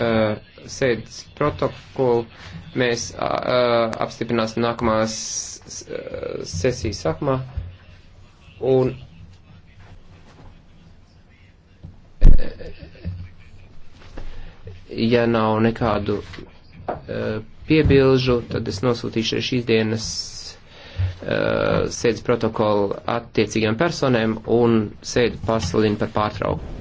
uh, sēdes protokolu mēs uh, uh apstiprināsim nākamās uh, sesijas sākumā. Un uh, ja nav nekādu uh, piebilžu, tad es nosūtīšu šīs dienas uh, sēdes protokolu attiecīgām personēm un sēdi pasalinu par pārtrauku.